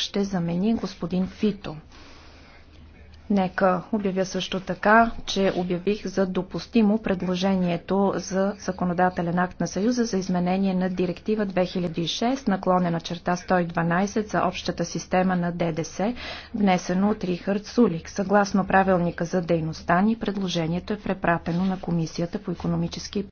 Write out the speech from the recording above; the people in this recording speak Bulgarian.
ще замени господин Фито. Нека обявя също така, че обявих за допустимо предложението за законодателен акт на Съюза за изменение на директива 2006 наклонена черта 112 за общата система на ДДС, внесено от Рихард Сулик. Съгласно правилника за дейността ни, предложението е препратено на Комисията по економически